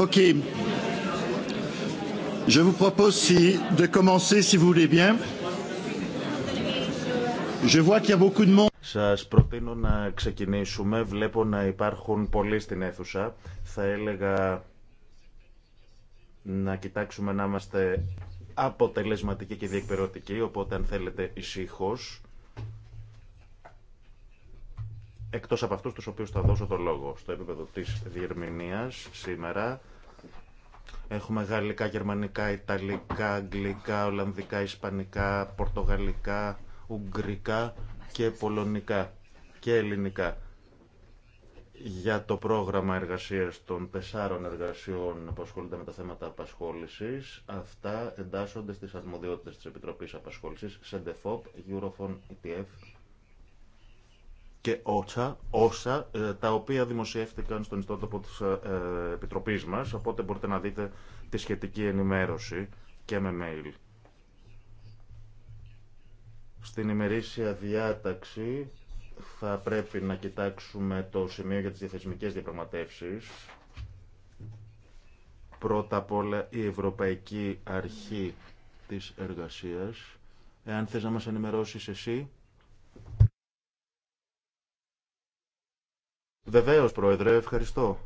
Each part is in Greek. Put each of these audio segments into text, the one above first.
Ok. Je vous propose si, de commencer, si vous voulez bien. Je vois qu'il y a beaucoup de monde. Σας προτείνω να ξεκινήσουμε. Βλέπω να υπάρχουν πολλοί στην αίθουσα. Θα έλεγα να κοιτάξουμε να είμαστε αποτελεσματική και διεκπαιρεωτική, οπότε αν θέλετε ησύχω. Εκτός από αυτούς τους οποίους θα δώσω το λόγο στο επίπεδο της διερμηνίας σήμερα, Έχουμε γαλλικά, γερμανικά, ιταλικά, αγγλικά, ολλανδικά, ισπανικά, πορτογαλικά, ουγγρικά και πολωνικά και ελληνικά για το πρόγραμμα εργασίας των τεσσάρων εργασιών που ασχολούνται με τα θέματα απασχόλησης. Αυτά εντάσσονται στις αρμοδιότητες της Επιτροπής Απασχόλησης, ΣΕΝΤΕΦΟΠ, Eurofon, ETF και ότσα, όσα, ε, τα οποία δημοσιεύτηκαν στον ιστότοπο της ε, Επιτροπής μας, οπότε μπορείτε να δείτε τη σχετική ενημέρωση και με mail. Στην ημερήσια διάταξη θα πρέπει να κοιτάξουμε το σημείο για τις διαθεσμικές διαπραγματεύσεις. Πρώτα απ' όλα η Ευρωπαϊκή Αρχή της Εργασίας. Εάν θες να μας ενημερώσεις εσύ. Βεβαίως, Πρόεδρε, ευχαριστώ.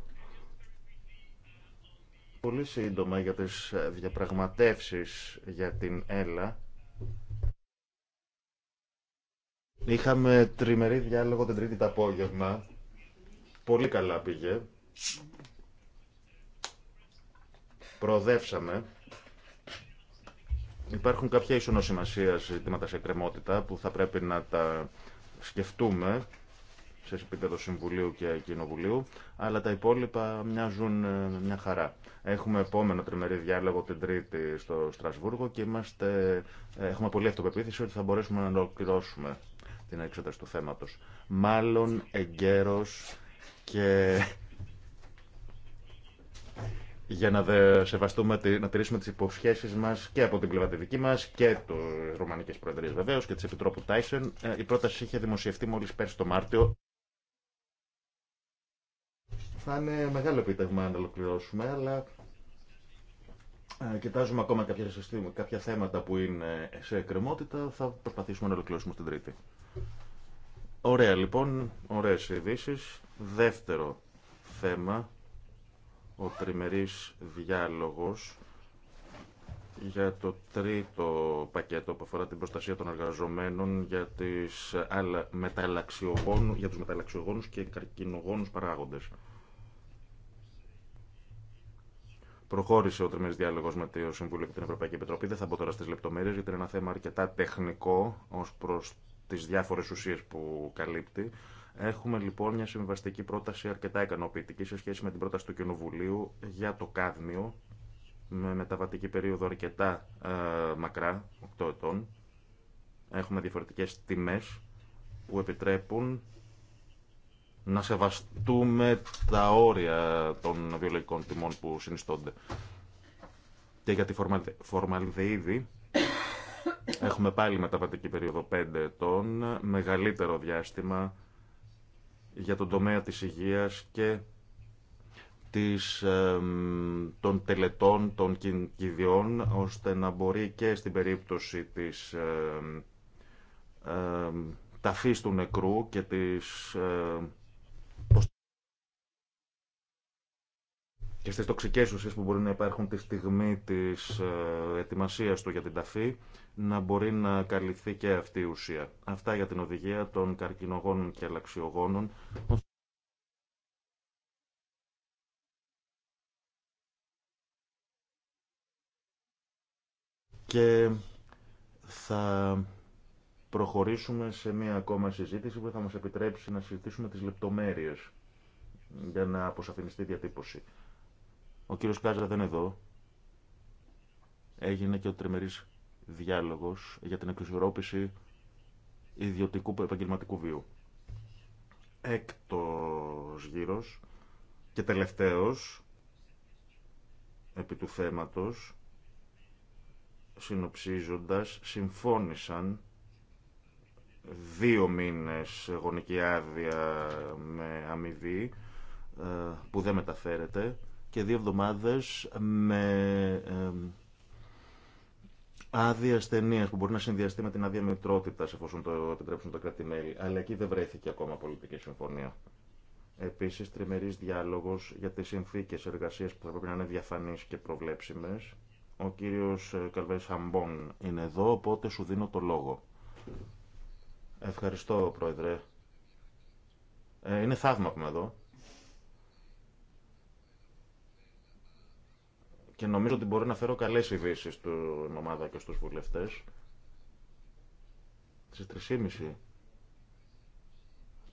Πολύ σύντομα για τις διαπραγματεύσεις για την ΕΛΑ. Είχαμε τριμερή διάλογο την Τρίτη το απόγευμα. Πολύ καλά πήγε. Προοδεύσαμε. Υπάρχουν κάποια ισονοσημασία ζητήματα σε κρεμότητα που θα πρέπει να τα σκεφτούμε σε επίπεδο Συμβουλίου και Κοινοβουλίου, αλλά τα υπόλοιπα μοιάζουν ε, μια χαρά. Έχουμε επόμενο τριμερή διάλογο την Τρίτη στο Στρασβούργο και είμαστε, ε, έχουμε πολύ αυτοπεποίθηση ότι θα μπορέσουμε να ολοκληρώσουμε την έξεταση του θέματος. Μάλλον εγκαίρος και για να σεβαστούμε, να τηρήσουμε τις υποσχέσεις μας και από την πλευρά τη δική μας και του Ρουμανικής Προεδρίας βεβαίως και της Επιτρόπου Τάισεν. Ε, η πρόταση είχε δημοσιευτεί μόλις πέρσι το Μάρτιο. Θα είναι μεγάλο επίτευγμα να ολοκληρώσουμε, αλλά ε, κοιτάζουμε ακόμα κάποια, κάποια θέματα που είναι σε εκκρεμότητα. Θα προσπαθήσουμε να ολοκληρώσουμε στην Τρίτη. Ωραία λοιπόν, ωραίες ειδήσει. Δεύτερο θέμα, ο τριμερής διάλογος για το τρίτο πακέτο που αφορά την προστασία των εργαζομένων για, τις, για τους μεταλλαξιογόνους και καρκινογόνους παράγοντες. Προχώρησε ο τριμερής διάλογο με το Συμβούλιο και την Ευρωπαϊκή Επιτροπή. Δεν θα μπω τώρα στι λεπτομέρειε, γιατί είναι ένα θέμα αρκετά τεχνικό ω προ τις διάφορες ουσίες που καλύπτει. Έχουμε λοιπόν μια συμβαστική πρόταση αρκετά ικανοποιητική σε σχέση με την πρόταση του Κοινοβουλίου για το κάδμιο με μεταβατική περίοδο αρκετά ε, μακρά, 8 ετών. Έχουμε διαφορετικές τιμές που επιτρέπουν να σεβαστούμε τα όρια των βιολογικών τιμών που συνιστώνται. Και για τη φορμαλδεΐδη Έχουμε πάλι μεταβατική περίοδο 5 ετών, μεγαλύτερο διάστημα για τον τομέα της υγείας και της, των τελετών, των κηδιών, ώστε να μπορεί και στην περίπτωση της ε, ταφής του νεκρού και της και στις τοξικές ουσίες που μπορεί να υπάρχουν τη στιγμή της ε, ετοιμασίας του για την ταφή, να μπορεί να καλυφθεί και αυτή η ουσία. Αυτά για την οδηγία των καρκινογόνων και αλλαξιογόνων. Και θα προχωρήσουμε σε μία ακόμα συζήτηση που θα μας επιτρέψει να συζητήσουμε τις λεπτομέρειες για να αποσαφινιστεί η διατύπωση. Ο κύριος Κάζα δεν είναι εδώ. Έγινε και ο τριμερής διάλογος για την εξισορρόπηση ιδιωτικού επαγγελματικού βίου. Έκτος γύρος και τελευταίος επί του θέματος συνοψίζοντας συμφώνησαν δύο μήνες γονική άδεια με αμοιβή ε, που δεν μεταφέρεται και δύο εβδομάδες με ε, άδεια ταινία που μπορεί να συνδυαστεί με την άδεια μητρότητα εφόσον το επιτρέψουν τα κράτη-μέλη. Αλλά εκεί δεν βρέθηκε ακόμα πολιτική συμφωνία. Επίση, τριμερή διάλογο για τι συνθήκε εργασία που θα πρέπει να είναι διαφανεί και προβλέψιμε. Ο κύριο ε, Καλβέ Σαμπόν είναι εδώ, οπότε σου δίνω το λόγο. Ευχαριστώ, Πρόεδρε. Ε, είναι θαύμα που είμαι εδώ. και νομίζω ότι μπορώ να φέρω καλές ειδήσει στην ομάδα και στους βουλευτέ. Στις 3.30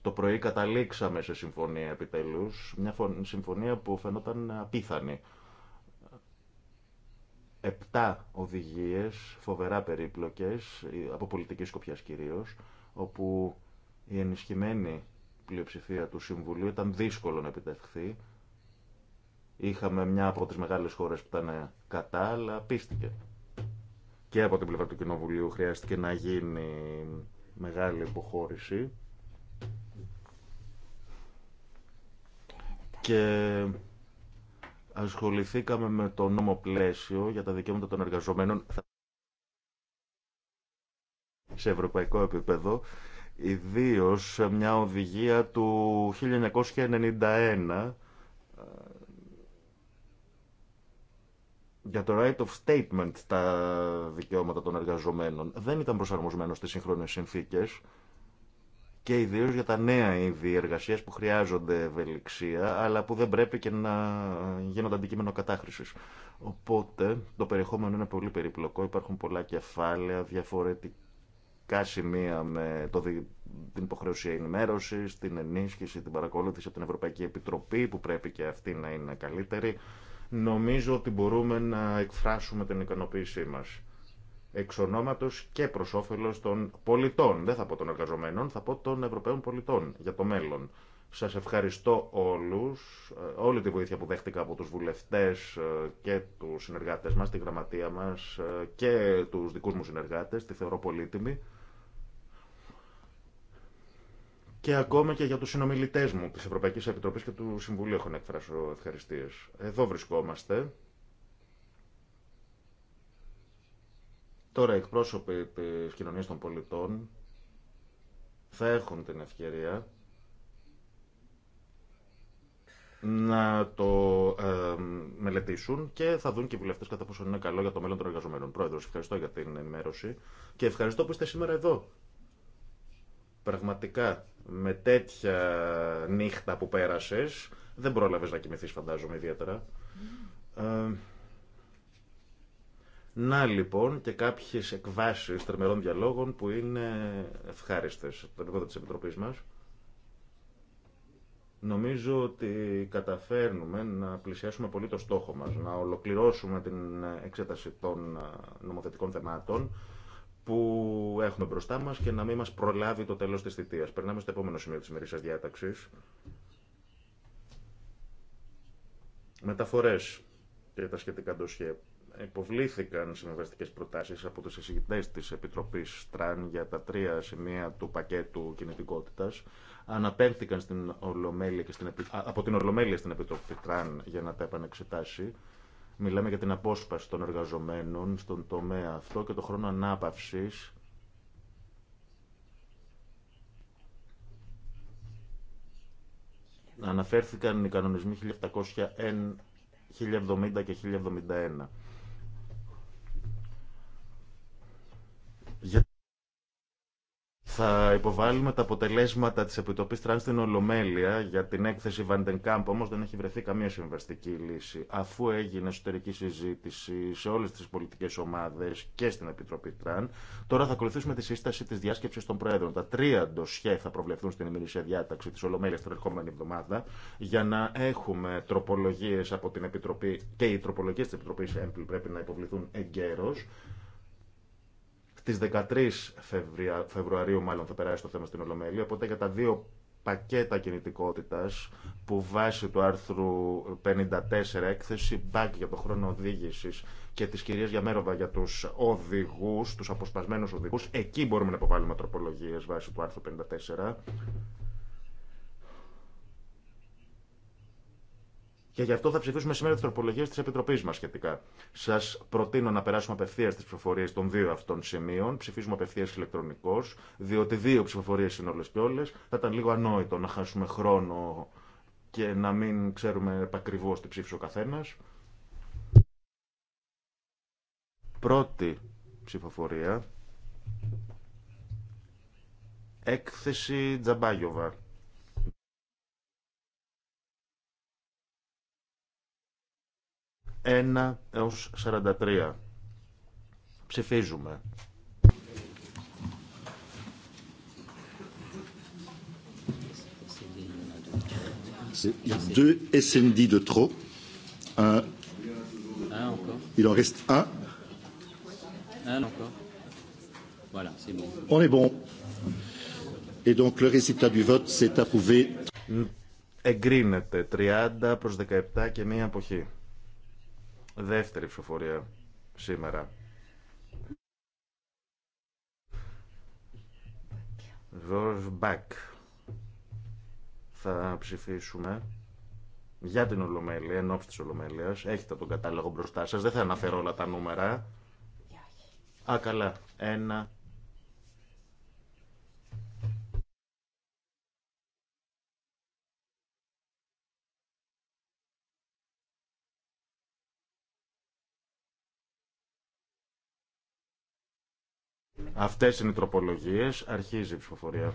το πρωί καταλήξαμε σε συμφωνία επιτέλου, μια συμφωνία που φαινόταν απίθανη. Επτά οδηγίες, φοβερά περίπλοκες, από πολιτική σκοπιά κυρίω, όπου η ενισχυμένη πλειοψηφία του Συμβουλίου ήταν δύσκολο να επιτευχθεί Είχαμε μια από τις μεγάλες χώρες που ήταν κατά, αλλά πίστηκε. Και από την πλευρά του Κοινοβουλίου χρειάστηκε να γίνει μεγάλη υποχώρηση. Και ασχοληθήκαμε με το νόμο πλαίσιο για τα δικαιώματα των εργαζομένων σε ευρωπαϊκό επίπεδο, ιδίω μια οδηγία του 1991 για το right of statement τα δικαιώματα των εργαζομένων δεν ήταν προσαρμοσμένο στις σύγχρονες συνθήκες και ιδίω για τα νέα είδη εργασία που χρειάζονται ευελιξία, αλλά που δεν πρέπει και να γίνονται αντικείμενο κατάχρηση. Οπότε το περιεχόμενο είναι πολύ περιπλοκό, υπάρχουν πολλά κεφάλαια, διαφορετικά σημεία με το, την υποχρέωση ενημέρωση, την ενίσχυση, την παρακολούθηση από την Ευρωπαϊκή Επιτροπή, που πρέπει και αυτή να είναι καλύτερη νομίζω ότι μπορούμε να εκφράσουμε την ικανοποίησή μας εξ και προ όφελο των πολιτών. Δεν θα πω των εργαζομένων, θα πω των Ευρωπαίων πολιτών για το μέλλον. Σας ευχαριστώ όλους, ε, όλη τη βοήθεια που δέχτηκα από τους βουλευτές ε, και τους συνεργάτες μας, τη γραμματεία μας ε, και τους δικούς μου συνεργάτες, τη θεωρώ πολύτιμη και ακόμα και για τους συνομιλητέ μου τη Ευρωπαϊκή Επιτροπή και του Συμβουλίου έχω να εκφράσω ευχαριστίες. Εδώ βρισκόμαστε. Τώρα οι εκπρόσωποι τη κοινωνία των πολιτών θα έχουν την ευκαιρία να το μελετήσουν και θα δουν και οι βουλευτέ κατά πόσο είναι καλό για το μέλλον των εργαζομένων. Πρόεδρο, ευχαριστώ για την ενημέρωση και ευχαριστώ που είστε σήμερα εδώ Πραγματικά, με τέτοια νύχτα που πέρασες, δεν πρόλαβες να κοιμηθείς φαντάζομαι ιδιαίτερα. Mm. Ε, να λοιπόν και κάποιες εκβάσεις τερμερών διαλόγων που είναι ευχάριστες από τον της Επιτροπής μας. Νομίζω ότι καταφέρνουμε να πλησιάσουμε πολύ το στόχο μας, να ολοκληρώσουμε την εξέταση των ε, νομοθετικών θεμάτων που έχουμε μπροστά μας και να μην μα προλάβει το τέλος της θητείας. Περνάμε στο επόμενο σημείο της ημερήσιας διάταξης. Μεταφορές και τα σχετικά ντοσιέ. Υποβλήθηκαν συμβαστικέ προτάσει από του εισηγητέ τη Επιτροπή Τραν για τα τρία σημεία του πακέτου κινητικότητα. Αναπέμφθηκαν στην από την Ολομέλεια στην Επιτροπή Τραν για να τα επανεξετάσει. Μιλάμε για την απόσπαση των εργαζομένων στον τομέα αυτό και το χρόνο ανάπαυσης αναφέρθηκαν οι κανονισμοί 1701, 1070 και 1071. Θα υποβάλουμε τα αποτελέσματα της Επιτροπή Τραν στην Ολομέλεια για την έκθεση Βαντενκάμπ, Όμως δεν έχει βρεθεί καμία συμβαστική λύση. Αφού έγινε εσωτερική συζήτηση σε όλες τις πολιτικές ομάδες και στην Επιτροπή Τραν, τώρα θα ακολουθήσουμε τη σύσταση της Διάσκεψης των Προέδρων. Τα τρία ντοσιέ θα προβλεφθούν στην ημερήσια διάταξη τη Ολομέλεια την ερχόμενη εβδομάδα για να έχουμε τροπολογίες από την Επιτροπή και οι τροπολογίε τη Επιτροπή πρέπει να υποβληθούν εγκαίρω στις 13 Φεβρουαρίου μάλλον θα περάσει το θέμα στην Ολομέλεια, οπότε για τα δύο πακέτα κινητικότητας που βάσει του άρθρου 54 έκθεση μπακ για το χρόνο οδήγηση και τη κυρία Γιαμέροβα για τους οδηγούς, τους αποσπασμένους οδηγούς, εκεί μπορούμε να υποβάλουμε τροπολογίε βάσει του άρθρου 54 Και γι' αυτό θα ψηφίσουμε σήμερα τι τροπολογίε τη Επιτροπή μα σχετικά. Σα προτείνω να περάσουμε απευθεία τι ψηφοφορίε των δύο αυτών σημείων. Ψηφίζουμε απευθεία ηλεκτρονικώ, διότι δύο ψηφοφορίε είναι όλε και όλε. Θα ήταν λίγο ανόητο να χάσουμε χρόνο και να μην ξέρουμε επακριβώ τι ψήφισε ο καθένα. Πρώτη ψηφοφορία. Έκθεση Τζαμπάγιοβα. 1 έως 43. Ψηφίζουμε. Il y a deux SND de trop. Un. encore. Il en reste un. Un encore. Voilà, c'est bon. On est bon. Et donc le résultat du vote s'est approuvé. Εγκρίνεται 30 προς 17 και μία αποχή. Δεύτερη ψηφοφορία σήμερα. Μπακ. Θα ψηφίσουμε για την Ολομέλεια, εν της Ολομέλειας. Έχετε τον κατάλογο μπροστά σας, δεν θα αναφέρω όλα τα νούμερα. Α, καλά. Ένα, Αυτές είναι οι τροπολογίες. Αρχίζει η ψηφοφορία.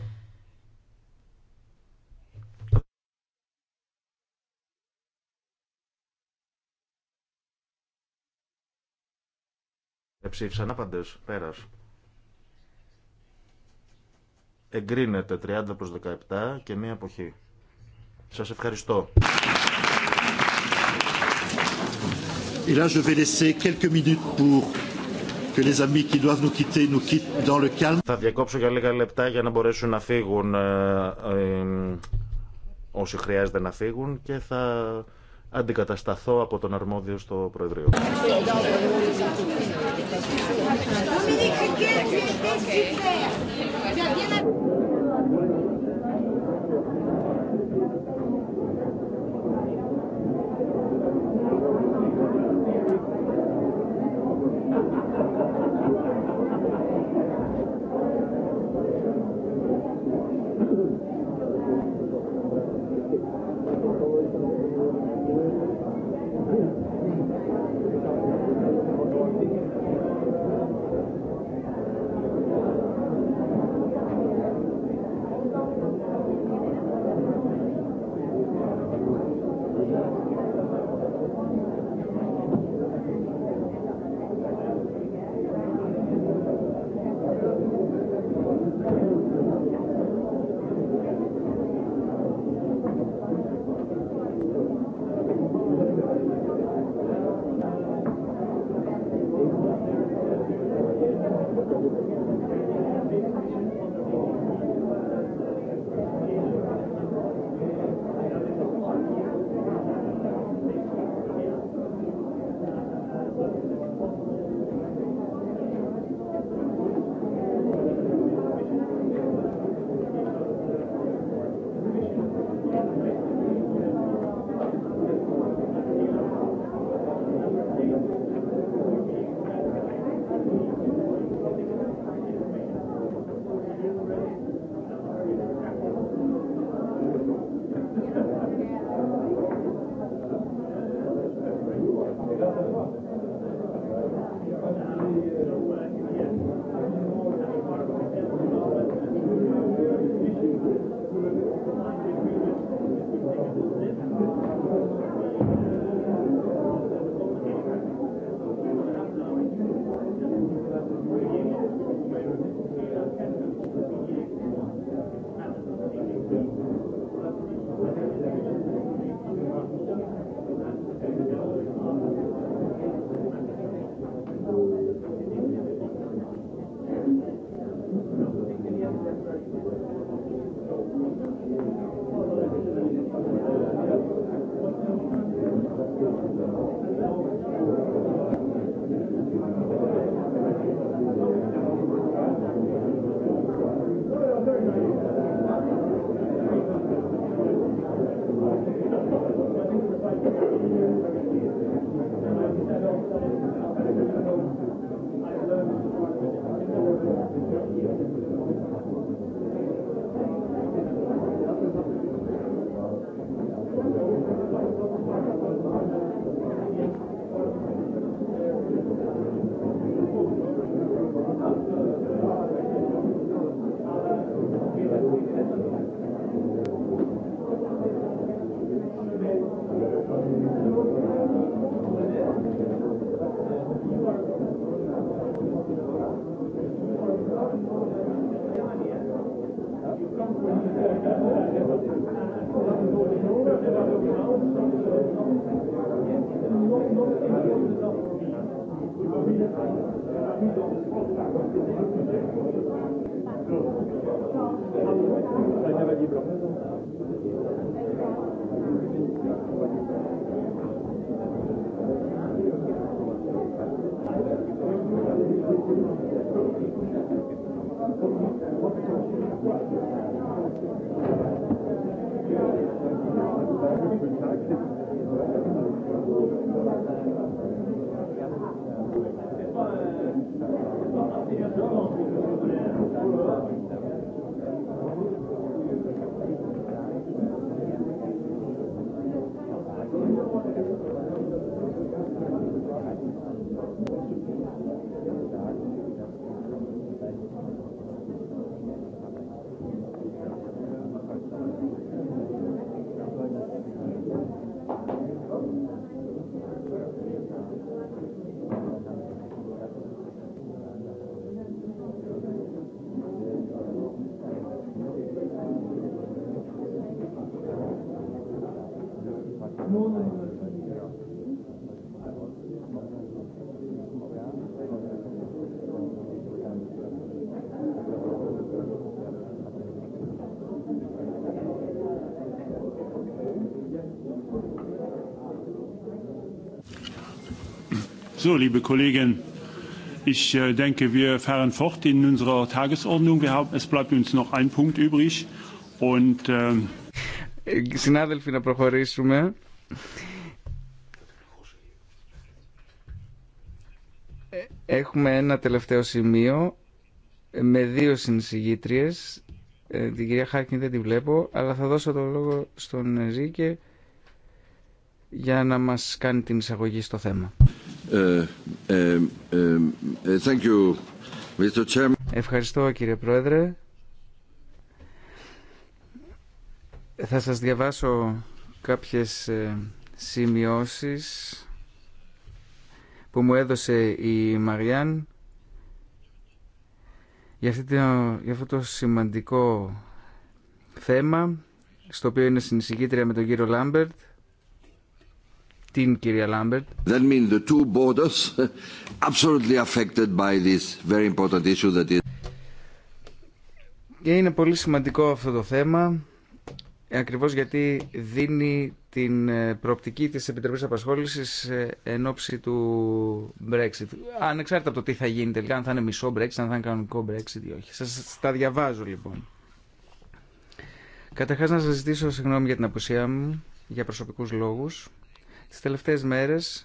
Εψήφισαν άπαντες. Πέρας. Εγκρίνεται 30 προς 17 και μία αποχή. Σας ευχαριστώ. Et là, je vais laisser quelques minutes pour θα διακόψω για λίγα λεπτά για να μπορέσουν να φύγουν ε, ε, όσοι χρειάζεται να φύγουν και θα αντικατασταθώ από τον αρμόδιο στο Προεδρείο. So, liebe Kollegen, ich äh, denke, wir fahren fort in unserer Tagesordnung. Wir haben, es bleibt uns noch ein Punkt übrig. Und, ähm Συνάδελφοι, να προχωρήσουμε. Έχουμε ένα τελευταίο σημείο με δύο συνεισηγήτριες. Ε, την κυρία Χάρκιν δεν τη βλέπω, αλλά θα δώσω το λόγο στον Ζήκε για να μας κάνει την εισαγωγή στο θέμα. Ευχαριστώ κύριε Πρόεδρε. Θα σας διαβάσω κάποιες ε, σημειώσεις που μου έδωσε η Μαριάν για, αυτό το σημαντικό θέμα στο οποίο είναι συνεισηγήτρια με τον κύριο Λάμπερτ την κυρία Λάμπερτ. That the two borders absolutely affected by this very important issue that is. Και είναι πολύ σημαντικό αυτό το θέμα, ακριβώς γιατί δίνει την ε, προοπτική της Επιτροπής Απασχόλησης ε, εν ώψη του Brexit. Ανεξάρτητα από το τι θα γίνει τελικά, αν θα είναι μισό Brexit, αν θα είναι κανονικό Brexit ή όχι. Σας τα διαβάζω λοιπόν. Καταρχάς να σας ζητήσω συγγνώμη για την απουσία μου, για προσωπικούς λόγους. Τις τελευταίες μέρες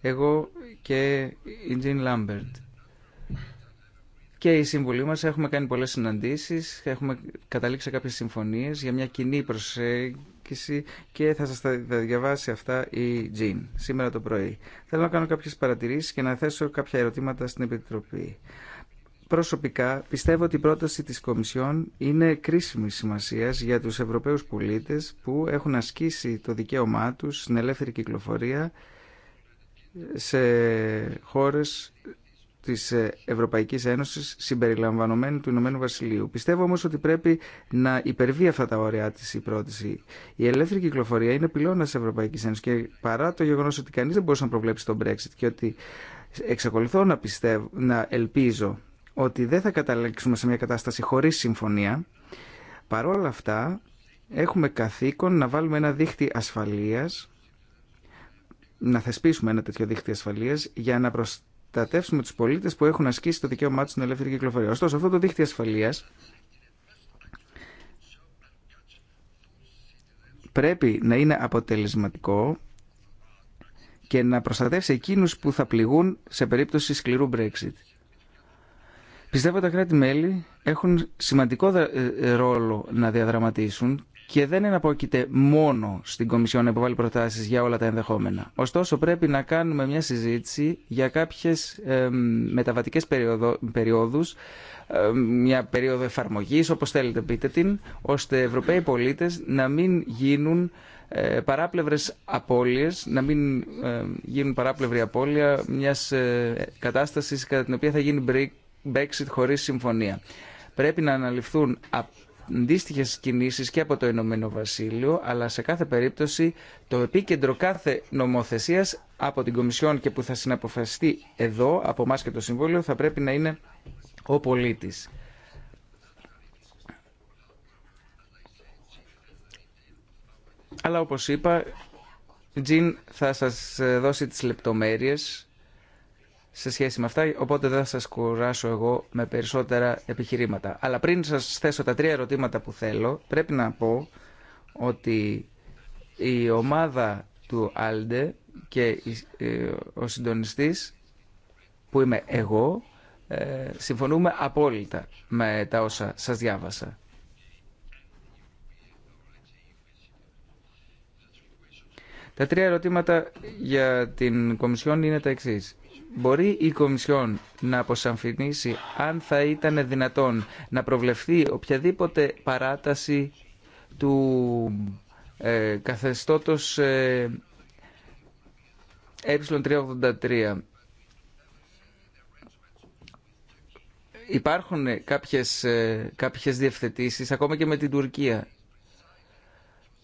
εγώ και η Τζιν Λάμπερντ και η σύμβουλοι μας έχουμε κάνει πολλές συναντήσεις, έχουμε καταλήξει κάποιες συμφωνίες για μια κοινή προσέγγιση και θα σας τα διαβάσει αυτά η Τζιν σήμερα το πρωί. Θέλω να κάνω κάποιες παρατηρήσεις και να θέσω κάποια ερωτήματα στην Επιτροπή προσωπικά πιστεύω ότι η πρόταση της Κομισιόν είναι κρίσιμη σημασίας για τους Ευρωπαίους πολίτες που έχουν ασκήσει το δικαίωμά τους στην ελεύθερη κυκλοφορία σε χώρες της Ευρωπαϊκής Ένωσης συμπεριλαμβανομένου του Ηνωμένου Βασιλείου. Πιστεύω όμως ότι πρέπει να υπερβεί αυτά τα όρια της η πρόταση. Η ελεύθερη κυκλοφορία είναι πυλώνας της Ευρωπαϊκής Ένωσης και παρά το γεγονός ότι κανείς δεν μπορούσε να προβλέψει τον Brexit και ότι εξακολουθώ να, πιστεύω, να ελπίζω ότι δεν θα καταλήξουμε σε μια κατάσταση χωρίς συμφωνία. Παρόλα αυτά, έχουμε καθήκον να βάλουμε ένα δίχτυ ασφαλείας, να θεσπίσουμε ένα τέτοιο δίχτυ ασφαλείας για να προστατεύσουμε τους πολίτες που έχουν ασκήσει το δικαίωμά τους στην ελεύθερη κυκλοφορία. Ωστόσο, αυτό το δίχτυ ασφαλείας πρέπει να είναι αποτελεσματικό και να προστατεύσει εκείνους που θα πληγούν σε περίπτωση σκληρού Brexit. Πιστεύω ότι τα κράτη-μέλη έχουν σημαντικό ε, ε, ρόλο να διαδραματίσουν και δεν εναπόκειται μόνο στην Κομισιόν να υποβάλει προτάσεις για όλα τα ενδεχόμενα. Ωστόσο, πρέπει να κάνουμε μια συζήτηση για κάποιες ε, μεταβατικές περιόδους, μια περίοδο εφαρμογής, όπως θέλετε πείτε την, ώστε Ευρωπαίοι πολίτες να μην γίνουν ε, παράπλευρες απώλειες, να μην ε, γίνουν παράπλευρη απώλεια μιας κατάστασης κατά την οποία θα γίνει Brexit χωρί συμφωνία. Πρέπει να αναλυφθούν αντίστοιχε κινήσει και από το Ηνωμένο Βασίλειο, αλλά σε κάθε περίπτωση το επίκεντρο κάθε νομοθεσία από την Κομισιόν και που θα συναποφασιστεί εδώ, από εμά και το Συμβούλιο, θα πρέπει να είναι ο πολίτη. Αλλά όπως είπα, Τζιν θα σας δώσει τις λεπτομέρειες σε σχέση με αυτά, οπότε δεν θα σας κουράσω εγώ με περισσότερα επιχειρήματα. Αλλά πριν σας θέσω τα τρία ερωτήματα που θέλω, πρέπει να πω ότι η ομάδα του Άλντε και ε, ο συντονιστής που είμαι εγώ, ε, συμφωνούμε απόλυτα με τα όσα σας διάβασα. Τα τρία ερωτήματα για την Κομισιόν είναι τα εξής μπορεί η Κομισιόν να αποσαμφινίσει αν θα ήταν δυνατόν να προβλεφθεί οποιαδήποτε παράταση του ε, καθεστώτος ε, ε383. Υπάρχουν κάποιες, ε, κάποιες καποιες ακόμα και με την Τουρκία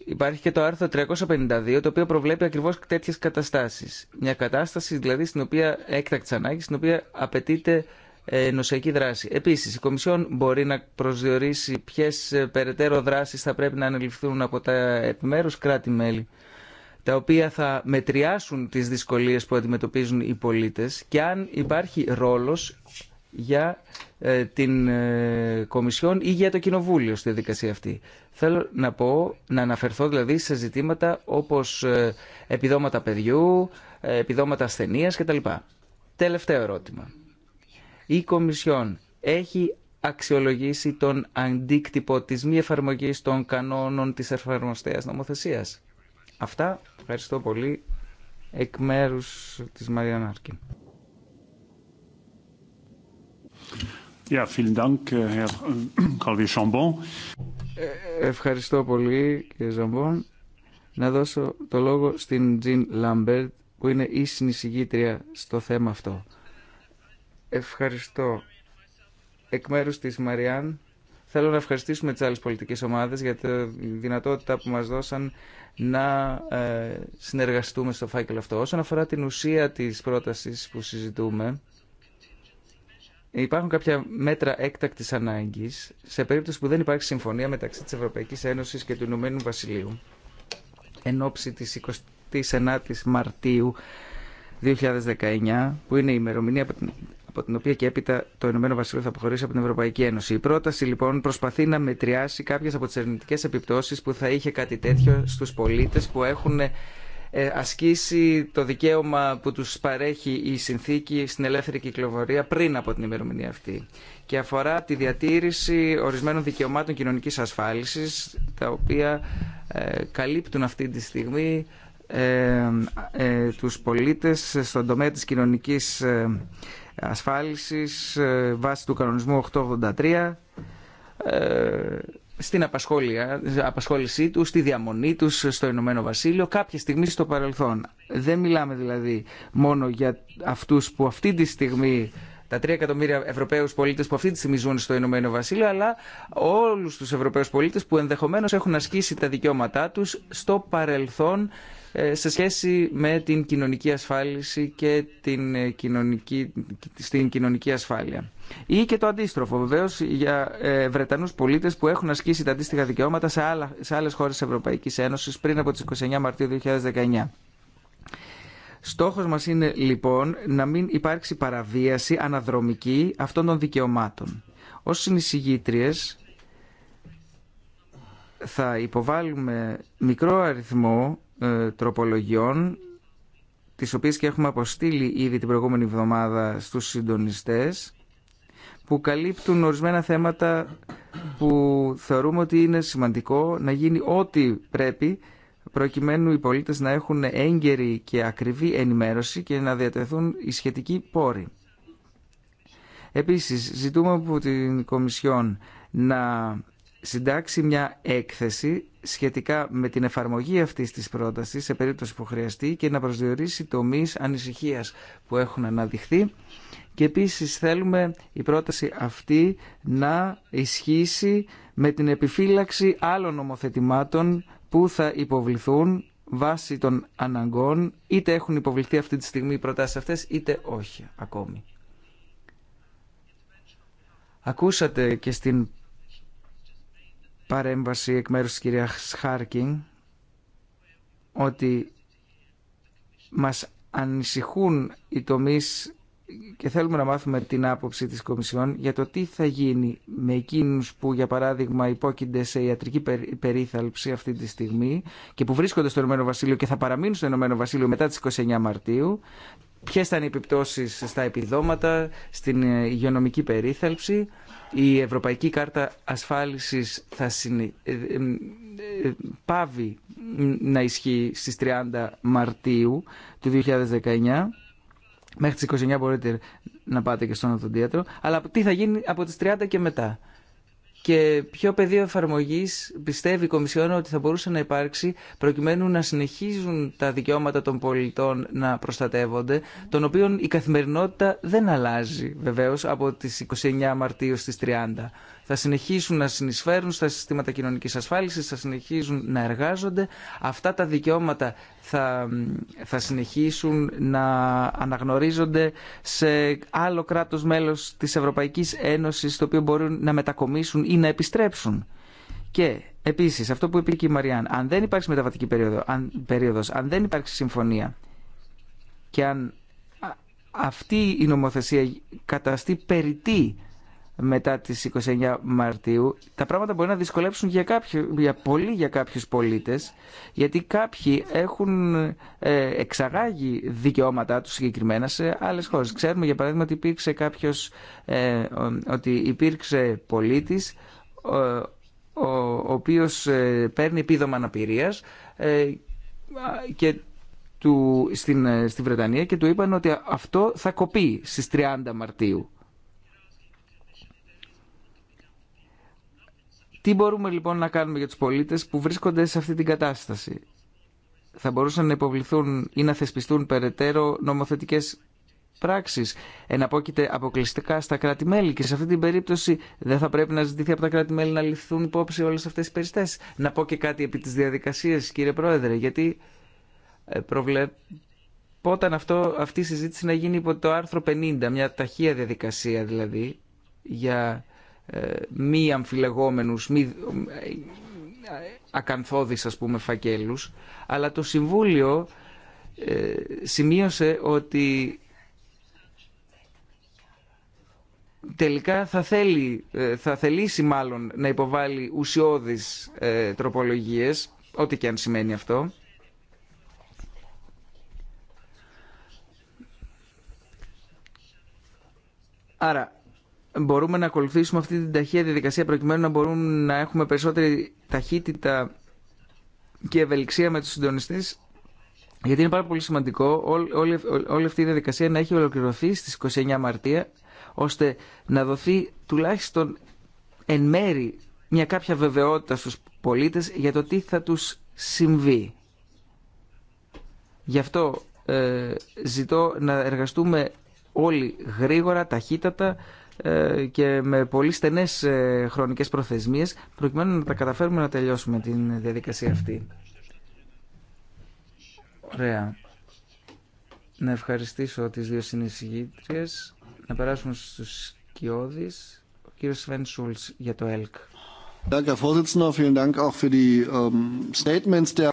Υπάρχει και το άρθρο 352, το οποίο προβλέπει ακριβώ τέτοιε καταστάσει. Μια κατάσταση δηλαδή στην οποία έκτακτη ανάγκη, στην οποία απαιτείται ε, νοσιακή δράση. Επίση, η Κομισιόν μπορεί να προσδιορίσει ποιε ε, περαιτέρω δράσει θα πρέπει να αναλυφθούν από τα επιμέρου κράτη-μέλη, τα οποία θα μετριάσουν τι δυσκολίε που αντιμετωπίζουν οι πολίτε και αν υπάρχει ρόλο για ε, την ε, Κομισιόν ή για το Κοινοβούλιο στη δικασία αυτή. Θέλω να πω, να αναφερθώ δηλαδή σε ζητήματα όπως ε, επιδόματα παιδιού, επιδόματα ασθενείας κτλ. Τελευταίο ερώτημα. Η Κομισιόν έχει αξιολογήσει τον αντίκτυπο της μη εφαρμογής των κανόνων της εφαρμοστέας νομοθεσίας. Αυτά. Ευχαριστώ πολύ εκ μέρους της Μαρία Äh, äh, ε, ευχαριστώ πολύ κύριε Ζαμπόν. Να δώσω το λόγο στην Τζιν Λαμπέρτ που είναι η συνεισηγήτρια στο θέμα αυτό. Ευχαριστώ. Εκ μέρου τη Μαριάν, θέλω να ευχαριστήσουμε τι άλλε πολιτικέ ομάδε για τη δυνατότητα που μα δώσαν να ε, συνεργαστούμε στο φάκελο αυτό. Όσον αφορά την ουσία τη πρόταση που συζητούμε, Υπάρχουν κάποια μέτρα έκτακτη ανάγκη σε περίπτωση που δεν υπάρχει συμφωνία μεταξύ τη Ευρωπαϊκή Ένωση και του Ηνωμένου Βασιλείου εν ώψη τη 29η Μαρτίου 2019, που είναι η ημερομηνία από την οποία και έπειτα το Ηνωμένο Βασίλειο θα αποχωρήσει από την Ευρωπαϊκή Ένωση. Η πρόταση λοιπόν προσπαθεί να μετριάσει κάποιε από τι ερευνητικέ επιπτώσει που θα είχε κάτι τέτοιο στου πολίτε που έχουν ε, ασκήσει το δικαίωμα που τους παρέχει η συνθήκη στην ελεύθερη κυκλοφορία πριν από την ημερομηνία αυτή και αφορά τη διατήρηση ορισμένων δικαιωμάτων κοινωνικής ασφάλισης τα οποία ε, καλύπτουν αυτή τη στιγμή ε, τους πολίτες στον τομέα της κοινωνικής ασφάλισης βάσει του κανονισμού 883 στην απασχόλησή του, στη διαμονή του στο Ηνωμένο Βασίλειο, κάποια στιγμή στο παρελθόν. Δεν μιλάμε δηλαδή μόνο για αυτούς που αυτή τη στιγμή τα 3 εκατομμύρια Ευρωπαίου πολίτε που αυτή τη στιγμή ζουν στο Ηνωμένο Βασίλειο, αλλά όλου του Ευρωπαίου πολίτε που ενδεχομένω έχουν ασκήσει τα δικαιώματά του στο παρελθόν ε, σε σχέση με την κοινωνική ασφάλιση και την ε, κοινωνική, στην κοινωνική ασφάλεια. Ή και το αντίστροφο βεβαίω για ε, Βρετανούς πολίτες που έχουν ασκήσει τα αντίστοιχα δικαιώματα σε, σε άλλες χώρες της Ευρωπαϊκής Ένωσης πριν από τις 29 Μαρτίου 2019. Στόχος μας είναι λοιπόν να μην υπάρξει παραβίαση αναδρομική αυτών των δικαιωμάτων. Ω συνεισηγήτριε, θα υποβάλουμε μικρό αριθμό ε, τροπολογιών τις οποίες και έχουμε αποστείλει ήδη την προηγούμενη εβδομάδα στους συντονιστές που καλύπτουν ορισμένα θέματα που θεωρούμε ότι είναι σημαντικό να γίνει ό,τι πρέπει προκειμένου οι πολίτες να έχουν έγκαιρη και ακριβή ενημέρωση και να διατεθούν οι σχετικοί πόροι. Επίσης, ζητούμε από την Κομισιόν να συντάξει μια έκθεση σχετικά με την εφαρμογή αυτής της πρότασης σε περίπτωση που χρειαστεί και να προσδιορίσει τομεί ανησυχία που έχουν αναδειχθεί και επίσης θέλουμε η πρόταση αυτή να ισχύσει με την επιφύλαξη άλλων νομοθετημάτων που θα υποβληθούν βάσει των αναγκών είτε έχουν υποβληθεί αυτή τη στιγμή οι προτάσεις αυτές είτε όχι ακόμη. Ακούσατε και στην παρέμβαση εκ μέρους της κυρίας Χάρκινγκ ότι μας ανησυχούν οι τομείς και θέλουμε να μάθουμε την άποψη της Κομισιόν για το τι θα γίνει με εκείνους που για παράδειγμα υπόκεινται σε ιατρική περίθαλψη αυτή τη στιγμή και που βρίσκονται στο Ηνωμένο Βασίλειο και θα παραμείνουν στο Ηνωμένο Βασίλειο μετά τις 29 Μαρτίου Ποιε θα είναι οι επιπτώσεις στα επιδόματα, στην υγειονομική περίθαλψη. Η Ευρωπαϊκή Κάρτα Ασφάλισης θα συνε... Ε, ε, ε, πάβει να ισχύει στις 30 Μαρτίου του 2019. Μέχρι τις 29 μπορείτε να πάτε και στον οδοντίατρο. Αλλά τι θα γίνει από τις 30 και μετά και ποιο πεδίο εφαρμογή πιστεύει η Κομισιόν ότι θα μπορούσε να υπάρξει προκειμένου να συνεχίζουν τα δικαιώματα των πολιτών να προστατεύονται, των οποίων η καθημερινότητα δεν αλλάζει βεβαίω από τι 29 Μαρτίου στι 30 θα συνεχίσουν να συνεισφέρουν στα συστήματα κοινωνικής ασφάλισης, θα συνεχίζουν να εργάζονται. Αυτά τα δικαιώματα θα, θα συνεχίσουν να αναγνωρίζονται σε άλλο κράτος μέλος της Ευρωπαϊκής Ένωσης, το οποίο μπορούν να μετακομίσουν ή να επιστρέψουν. Και επίσης, αυτό που είπε και η Μαριάν, αν δεν υπάρξει μεταβατική περίοδο, αν, περίοδος, αν δεν υπάρξει συμφωνία και αν αυτή η νομοθεσία καταστεί περιττή μετά τι 29 Μαρτίου, τα πράγματα μπορεί να δυσκολέψουν για, κάποιο, για πολύ για κάποιους πολίτες, γιατί κάποιοι έχουν ε, εξαγάγει δικαιώματά τους συγκεκριμένα σε άλλε χώρε. Ξέρουμε για παράδειγμα ότι υπήρξε κάποιος, ε, ότι υπήρξε πολίτης, ο, οποίος ε, παίρνει επίδομα αναπηρία και στην, Βρετανία και του είπαν ότι αυτό θα κοπεί στις 30 Μαρτίου. Τι μπορούμε λοιπόν να κάνουμε για τους πολίτες που βρίσκονται σε αυτή την κατάσταση. Θα μπορούσαν να υποβληθούν ή να θεσπιστούν περαιτέρω νομοθετικές πράξεις. Εναπόκειται αποκλειστικά στα κράτη-μέλη και σε αυτή την περίπτωση δεν θα πρέπει να ζητηθεί από τα κράτη-μέλη να ληφθούν υπόψη όλες αυτές οι περιστάσεις. Να πω και κάτι επί της διαδικασίας κύριε Πρόεδρε γιατί ε, προβλεπόταν αυτό, αυτή η συζήτηση να γίνει υπό το άρθρο 50, μια ταχεία διαδικασία δηλαδή για ε, μη αμφιλεγόμενους, μη ε, ακανθώδεις ας πούμε φακέλους, αλλά το Συμβούλιο ε, σημείωσε ότι τελικά θα, θέλει, θα θελήσει μάλλον να υποβάλει ουσιώδεις τροπολογίες, ό,τι και αν σημαίνει αυτό. Άρα μπορούμε να ακολουθήσουμε αυτή την ταχεία διαδικασία προκειμένου να μπορούμε να έχουμε περισσότερη ταχύτητα και ευελιξία με τους συντονιστές γιατί είναι πάρα πολύ σημαντικό όλη, αυτή η διαδικασία να έχει ολοκληρωθεί στις 29 Μαρτία ώστε να δοθεί τουλάχιστον εν μέρη μια κάποια βεβαιότητα στους πολίτες για το τι θα τους συμβεί. Γι' αυτό ε, ζητώ να εργαστούμε όλοι γρήγορα, ταχύτατα ε, και με πολύ στενές ε, χρονικές προθεσμίες προκειμένου να τα καταφέρουμε να τελειώσουμε την διαδικασία αυτή. Ωραία. Να ευχαριστήσω τις δύο συνεισηγήτριε. Να περάσουμε στους σκιώδει. Ο κύριο Σβέν για το ΕΛΚ. Ähm,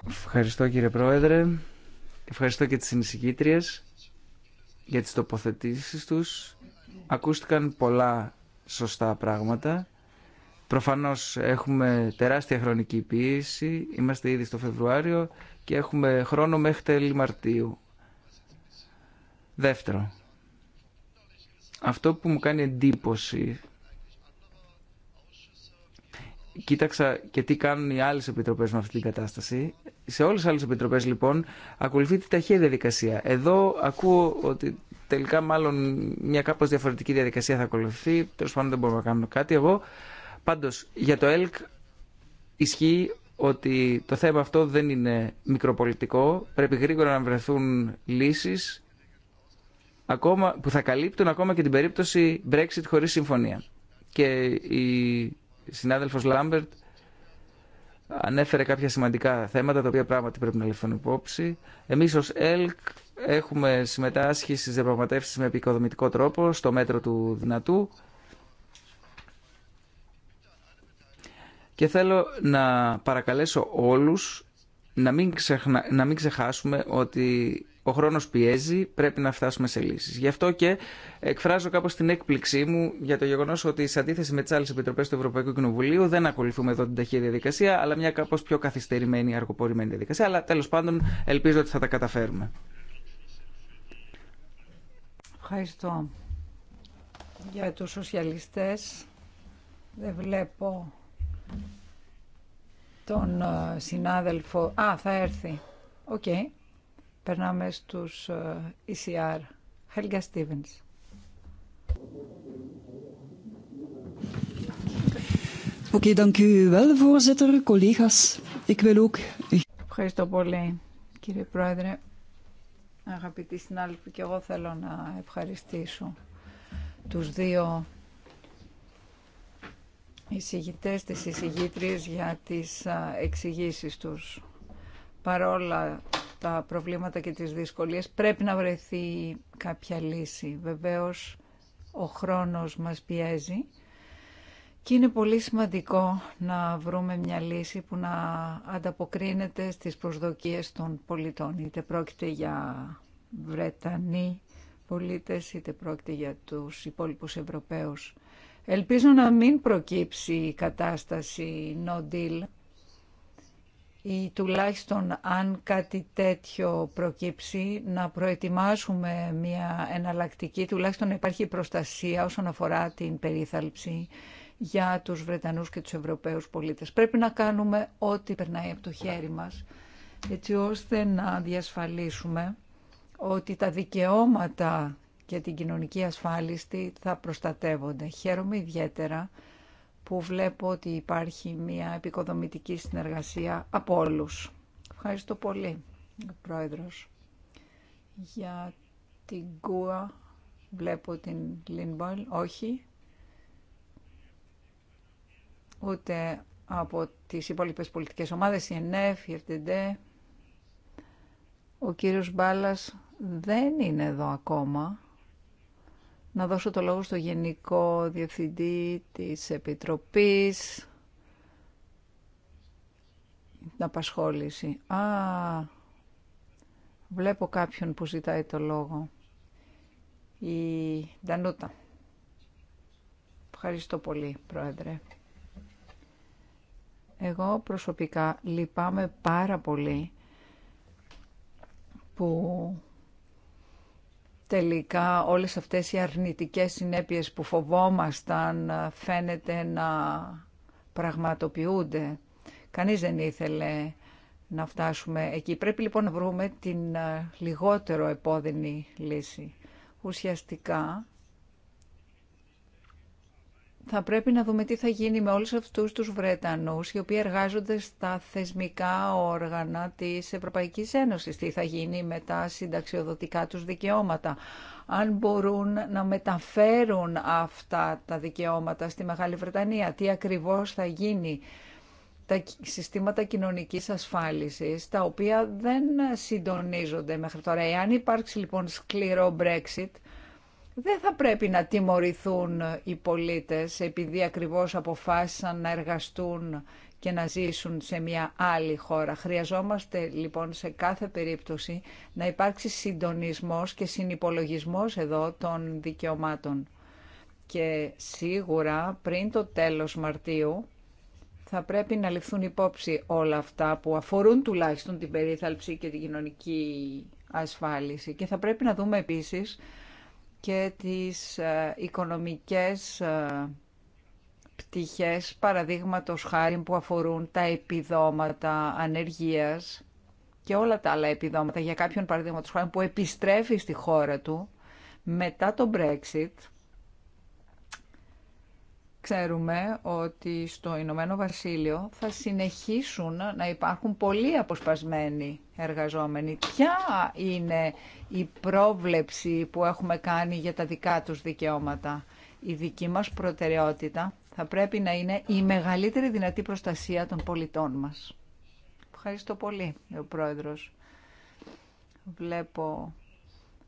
Ευχαριστώ κύριε Πρόεδρε. Ευχαριστώ και τις συνεισηγήτριες για τις τοποθετήσεις τους Ακούστηκαν πολλά σωστά πράγματα. Προφανώς έχουμε τεράστια χρονική πίεση, είμαστε ήδη στο Φεβρουάριο και έχουμε χρόνο μέχρι τέλη Μαρτίου. Δεύτερο, αυτό που μου κάνει εντύπωση, κοίταξα και τι κάνουν οι άλλες επιτροπές με αυτή την κατάσταση. Σε όλες τις άλλες επιτροπές λοιπόν ακολουθεί τη ταχεία διαδικασία. Εδώ ακούω ότι τελικά μάλλον μια κάπως διαφορετική διαδικασία θα ακολουθεί. Τέλο πάντων δεν μπορούμε να κάνουμε κάτι. Εγώ πάντως για το ΕΛΚ ισχύει ότι το θέμα αυτό δεν είναι μικροπολιτικό. Πρέπει γρήγορα να βρεθούν λύσεις ακόμα, που θα καλύπτουν ακόμα και την περίπτωση Brexit χωρίς συμφωνία. Και η συνάδελφος Λάμπερτ ανέφερε κάποια σημαντικά θέματα τα οποία πράγματι πρέπει να ληφθούν υπόψη. Εμείς ως ΕΛΚ Έχουμε συμμετάσχει στις διαπραγματεύσεις με επικοδομητικό τρόπο, στο μέτρο του δυνατού. Και θέλω να παρακαλέσω όλους να μην, ξεχνα... να μην ξεχάσουμε ότι ο χρόνος πιέζει, πρέπει να φτάσουμε σε λύσεις. Γι' αυτό και εκφράζω κάπως την έκπληξή μου για το γεγονός ότι σε αντίθεση με τις άλλες επιτροπές του Ευρωπαϊκού Κοινοβουλίου δεν ακολουθούμε εδώ την ταχεία διαδικασία, αλλά μια κάπως πιο καθυστερημένη, αργοπορημένη διαδικασία. Αλλά τέλος πάντων ελπίζω ότι θα τα καταφέρουμε. Ευχαριστώ. Για τους σοσιαλιστές δεν βλέπω τον ε, συνάδελφο. Α, θα έρθει. Οκ. Okay. Περνάμε στους ε, ECR. Helga Στίβενς Oké, okay, dank u wel, Ευχαριστώ πολύ, κύριε Πρόεδρε. Αγαπητοί συνάδελφοι, και εγώ θέλω να ευχαριστήσω τους δύο εισηγητές, τις εισηγήτριες για τις εξηγήσει τους. Παρόλα τα προβλήματα και τις δυσκολίες πρέπει να βρεθεί κάποια λύση. Βεβαίως ο χρόνος μας πιέζει και είναι πολύ σημαντικό να βρούμε μια λύση που να ανταποκρίνεται στις προσδοκίες των πολιτών. Είτε πρόκειται για Βρετανοί πολίτες, είτε πρόκειται για τους υπόλοιπους Ευρωπαίους. Ελπίζω να μην προκύψει η κατάσταση no deal ή τουλάχιστον αν κάτι τέτοιο προκύψει να προετοιμάσουμε μια εναλλακτική, τουλάχιστον να υπάρχει προστασία όσον αφορά την περίθαλψη για τους Βρετανούς και τους Ευρωπαίους πολίτες. Πρέπει να κάνουμε ό,τι περνάει από το χέρι μας, έτσι ώστε να διασφαλίσουμε ότι τα δικαιώματα και την κοινωνική ασφάλιστη θα προστατεύονται. Χαίρομαι ιδιαίτερα που βλέπω ότι υπάρχει μια επικοδομητική συνεργασία από όλου. Ευχαριστώ πολύ, Πρόεδρος. Για την ΚΟΑ βλέπω την Λίνμπαλ, όχι ούτε από τις υπόλοιπες πολιτικές ομάδες, η ΕΝΕΦ, η ΕΡΤΕΝΤΕ. Ο κύριος Μπάλας δεν είναι εδώ ακόμα. Να δώσω το λόγο στο Γενικό Διευθυντή της Επιτροπής την απασχόληση. Α, βλέπω κάποιον που ζητάει το λόγο. Η Ντανούτα. Ευχαριστώ πολύ, Πρόεδρε. Εγώ προσωπικά λυπάμαι πάρα πολύ που τελικά όλες αυτές οι αρνητικές συνέπειες που φοβόμασταν φαίνεται να πραγματοποιούνται. Κανείς δεν ήθελε να φτάσουμε εκεί. Πρέπει λοιπόν να βρούμε την ε, λιγότερο επώδυνη λύση. Ουσιαστικά θα πρέπει να δούμε τι θα γίνει με όλους αυτούς τους Βρετανούς οι οποίοι εργάζονται στα θεσμικά όργανα της Ευρωπαϊκής Ένωσης. Τι θα γίνει με τα συνταξιοδοτικά τους δικαιώματα. Αν μπορούν να μεταφέρουν αυτά τα δικαιώματα στη Μεγάλη Βρετανία. Τι ακριβώς θα γίνει. Τα συστήματα κοινωνικής ασφάλισης, τα οποία δεν συντονίζονται μέχρι τώρα. Εάν υπάρξει λοιπόν σκληρό Brexit, δεν θα πρέπει να τιμωρηθούν οι πολίτες επειδή ακριβώς αποφάσισαν να εργαστούν και να ζήσουν σε μια άλλη χώρα. Χρειαζόμαστε λοιπόν σε κάθε περίπτωση να υπάρξει συντονισμός και συνυπολογισμός εδώ των δικαιωμάτων. Και σίγουρα πριν το τέλος Μαρτίου θα πρέπει να ληφθούν υπόψη όλα αυτά που αφορούν τουλάχιστον την περίθαλψη και την κοινωνική ασφάλιση. Και θα πρέπει να δούμε επίσης και τις ε, οικονομικές ε, πτυχές, παραδείγματος χάρη που αφορούν τα επιδόματα ανεργίας και όλα τα άλλα επιδόματα για κάποιον παραδείγματος χάρη που επιστρέφει στη χώρα του μετά το Brexit Ξέρουμε ότι στο Ηνωμένο Βασίλειο θα συνεχίσουν να υπάρχουν πολλοί αποσπασμένοι εργαζόμενοι. Ποια είναι η πρόβλεψη που έχουμε κάνει για τα δικά τους δικαιώματα. Η δική μας προτεραιότητα θα πρέπει να είναι η μεγαλύτερη δυνατή προστασία των πολιτών μας. Ευχαριστώ πολύ, ο Πρόεδρος. Βλέπω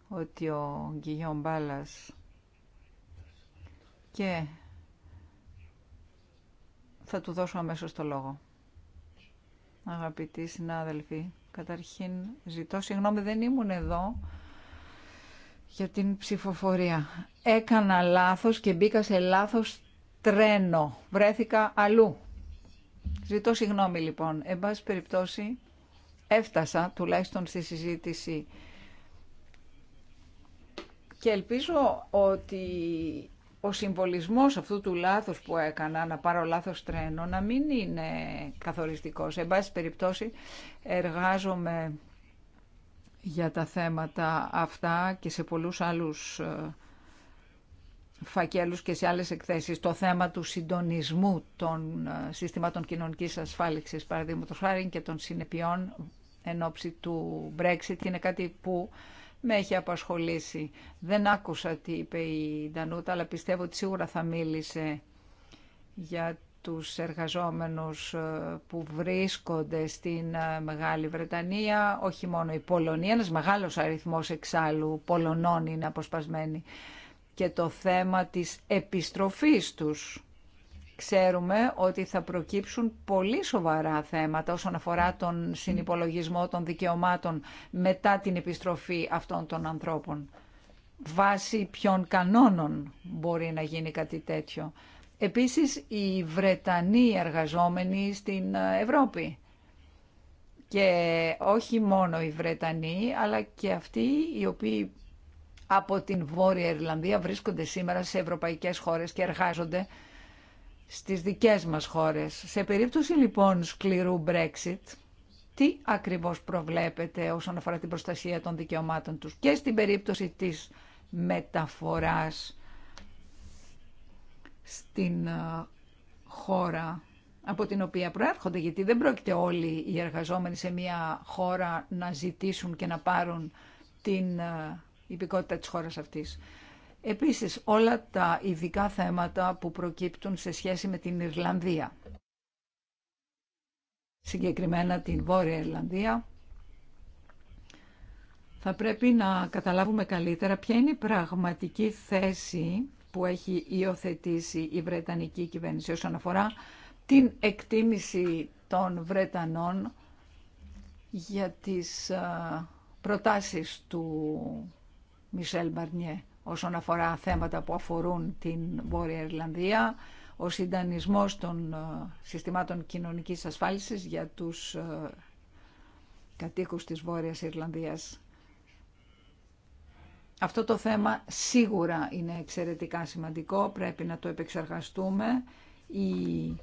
ότι ο Γκυγιόν και θα του δώσω αμέσως το λόγο. Αγαπητοί συνάδελφοι, καταρχήν ζητώ συγγνώμη, δεν ήμουν εδώ για την ψηφοφορία. Έκανα λάθος και μπήκα σε λάθος τρένο. Βρέθηκα αλλού. Ζητώ συγγνώμη λοιπόν. Εν πάση περιπτώσει έφτασα τουλάχιστον στη συζήτηση και ελπίζω ότι ο συμβολισμός αυτού του λάθους που έκανα, να πάρω λάθος τρένο, να μην είναι καθοριστικός. Εν πάση περιπτώσει, εργάζομαι για τα θέματα αυτά και σε πολλούς άλλους ε, φακέλους και σε άλλες εκθέσεις. Το θέμα του συντονισμού των ε, συστημάτων κοινωνικής ασφάλιξης, παραδείγματος χάρη και των συνεπειών εν ώψη του Brexit είναι κάτι που με έχει απασχολήσει. Δεν άκουσα τι είπε η Ντανούτα, αλλά πιστεύω ότι σίγουρα θα μίλησε για τους εργαζόμενους ε, που βρίσκονται στην ε, Μεγάλη Βρετανία, όχι μόνο η Πολωνία, ένας μεγάλος αριθμός εξάλλου Πολωνών είναι αποσπασμένοι και το θέμα της επιστροφής τους Ξέρουμε ότι θα προκύψουν πολύ σοβαρά θέματα όσον αφορά τον συνυπολογισμό των δικαιωμάτων μετά την επιστροφή αυτών των ανθρώπων. Βάσει ποιων κανόνων μπορεί να γίνει κάτι τέτοιο. Επίσης, οι Βρετανοί εργαζόμενοι στην Ευρώπη. Και όχι μόνο οι Βρετανοί, αλλά και αυτοί οι οποίοι από την Βόρεια Ιρλανδία βρίσκονται σήμερα σε ευρωπαϊκές χώρες και εργάζονται στις δικές μας χώρες. Σε περίπτωση λοιπόν σκληρού Brexit, τι ακριβώς προβλέπετε όσον αφορά την προστασία των δικαιωμάτων τους και στην περίπτωση της μεταφοράς στην ε, χώρα από την οποία προέρχονται, γιατί δεν πρόκειται όλοι οι εργαζόμενοι σε μια χώρα να ζητήσουν και να πάρουν την ε, υπηκότητα της χώρας αυτής. Επίσης όλα τα ειδικά θέματα που προκύπτουν σε σχέση με την Ιρλανδία. Συγκεκριμένα την Βόρεια Ιρλανδία. Θα πρέπει να καταλάβουμε καλύτερα ποια είναι η πραγματική θέση που έχει υιοθετήσει η Βρετανική κυβέρνηση όσον αφορά την εκτίμηση των Βρετανών για τις προτάσεις του Μισελ Μπαρνιέ όσον αφορά θέματα που αφορούν την Βόρεια Ιρλανδία, ο συντανισμός των ε, συστημάτων κοινωνικής ασφάλισης για τους ε, κατοίκους της Βόρειας Ιρλανδίας. Αυτό το θέμα σίγουρα είναι εξαιρετικά σημαντικό, πρέπει να το επεξεργαστούμε. Η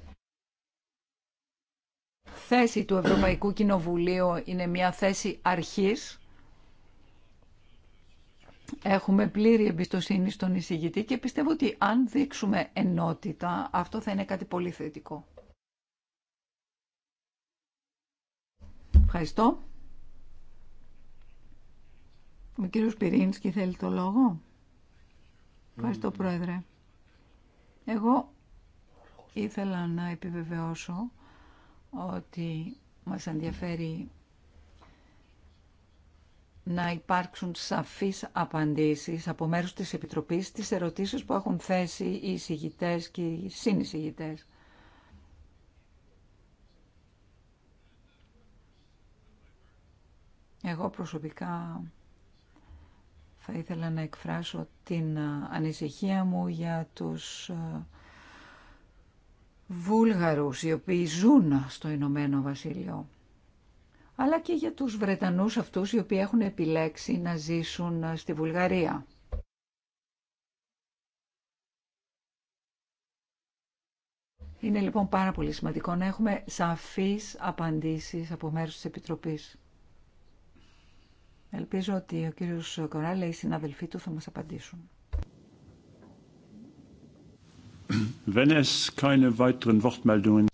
θέση του Ευρωπαϊκού Κοινοβουλίου είναι μια θέση αρχής Έχουμε πλήρη εμπιστοσύνη στον εισηγητή και πιστεύω ότι αν δείξουμε ενότητα, αυτό θα είναι κάτι πολύ θετικό. Ευχαριστώ. Ο κύριο Πυρίνσκι θέλει το λόγο. Ευχαριστώ, mm. Πρόεδρε. Εγώ ήθελα να επιβεβαιώσω ότι μας ενδιαφέρει να υπάρξουν σαφείς απαντήσεις από μέρους της Επιτροπής στις ερωτήσεις που έχουν θέσει οι εισηγητές και οι συνεισηγητές. Εγώ προσωπικά θα ήθελα να εκφράσω την ανησυχία μου για τους ε, Βούλγαρους οι οποίοι ζουν στο Ηνωμένο Βασίλειο αλλά και για τους Βρετανούς αυτούς οι οποίοι έχουν επιλέξει να ζήσουν ε, στη Βουλγαρία. Είναι λοιπόν πάρα πολύ σημαντικό να έχουμε σαφείς απαντήσεις από μέρους της Επιτροπής. Ελπίζω ότι ο κύριος Κοράλε ή οι συναδελφοί του θα μας απαντήσουν.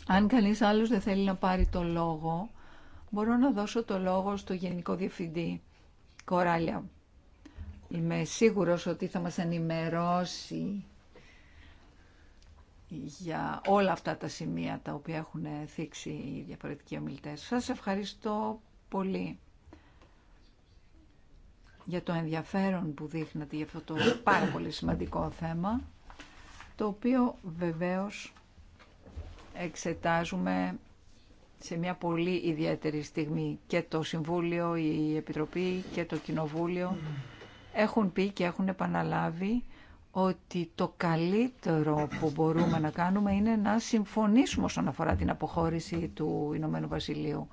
Αν κανείς άλλος δεν θέλει να πάρει το λόγο, μπορώ να δώσω το λόγο στο Γενικό Διευθυντή Κοράλια. Είμαι σίγουρος ότι θα μας ενημερώσει για όλα αυτά τα σημεία τα οποία έχουν θίξει οι διαφορετικοί ομιλητές. Σας ευχαριστώ πολύ για το ενδιαφέρον που δείχνατε για αυτό το πάρα πολύ σημαντικό θέμα, το οποίο βεβαίως εξετάζουμε σε μια πολύ ιδιαίτερη στιγμή και το Συμβούλιο, η Επιτροπή και το Κοινοβούλιο έχουν πει και έχουν επαναλάβει ότι το καλύτερο που μπορούμε να κάνουμε είναι να συμφωνήσουμε όσον αφορά την αποχώρηση του Ηνωμένου Βασιλείου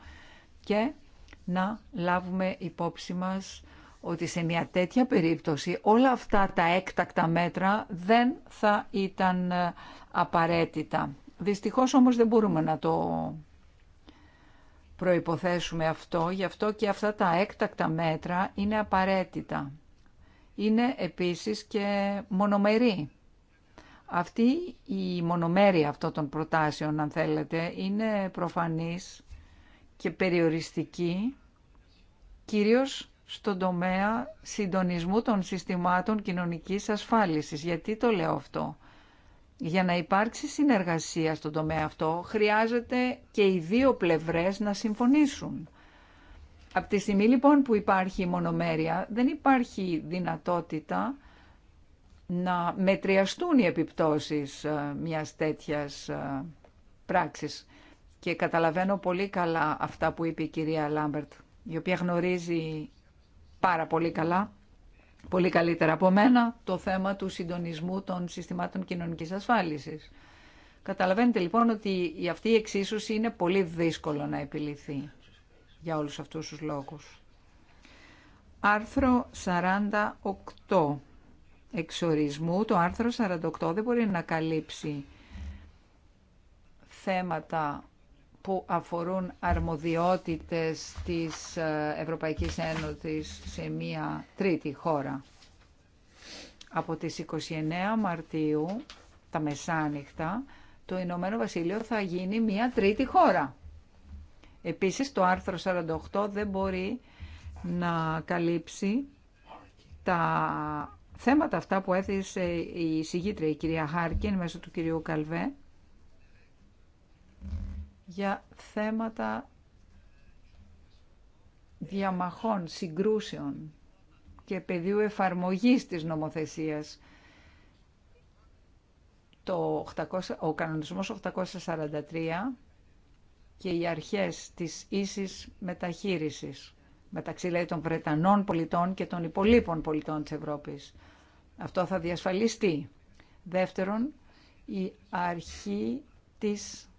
και να λάβουμε υπόψη μας ότι σε μια τέτοια περίπτωση όλα αυτά τα έκτακτα μέτρα δεν θα ήταν ε, απαραίτητα. Δυστυχώς όμως δεν μπορούμε να το προϋποθέσουμε αυτό, γι' αυτό και αυτά τα έκτακτα μέτρα είναι απαραίτητα. Είναι επίσης και μονομερή. Αυτή η μονομέρεια αυτών των προτάσεων, αν θέλετε, είναι προφανής και περιοριστική, κυρίως στον τομέα συντονισμού των συστημάτων κοινωνικής ασφάλισης. Γιατί το λέω αυτό. Για να υπάρξει συνεργασία στον τομέα αυτό, χρειάζεται και οι δύο πλευρές να συμφωνήσουν. Από τη στιγμή λοιπόν που υπάρχει μονομέρεια, δεν υπάρχει δυνατότητα να μετριαστούν οι επιπτώσεις ε, μιας τέτοιας ε, πράξης. Και καταλαβαίνω πολύ καλά αυτά που είπε η κυρία Λάμπερτ, η οποία γνωρίζει πάρα πολύ καλά πολύ καλύτερα από μένα το θέμα του συντονισμού των συστημάτων κοινωνικής ασφάλισης. Καταλαβαίνετε λοιπόν ότι η αυτή η εξίσωση είναι πολύ δύσκολο να επιληθεί για όλους αυτούς τους λόγους. Άρθρο 48 εξορισμού. Το άρθρο 48 δεν μπορεί να καλύψει θέματα που αφορούν αρμοδιότητες της ε, Ευρωπαϊκής Ένωσης σε μία τρίτη χώρα. Από τις 29 Μαρτίου, τα μεσάνυχτα, το Ηνωμένο Βασίλειο θα γίνει μία τρίτη χώρα. Επίσης, το άρθρο 48 δεν μπορεί να καλύψει τα θέματα αυτά που έθεσε η συγγήτρια, η κυρία Χάρκιν, μέσω του κυρίου Καλβέ, για θέματα διαμαχών, συγκρούσεων και πεδίου εφαρμογής της νομοθεσίας. Το 800, ο κανονισμός 843 και οι αρχές της ίσης μεταχείρισης μεταξύ λέει, των Βρετανών πολιτών και των υπολείπων πολιτών της Ευρώπης. Αυτό θα διασφαλιστεί. Δεύτερον, η αρχή της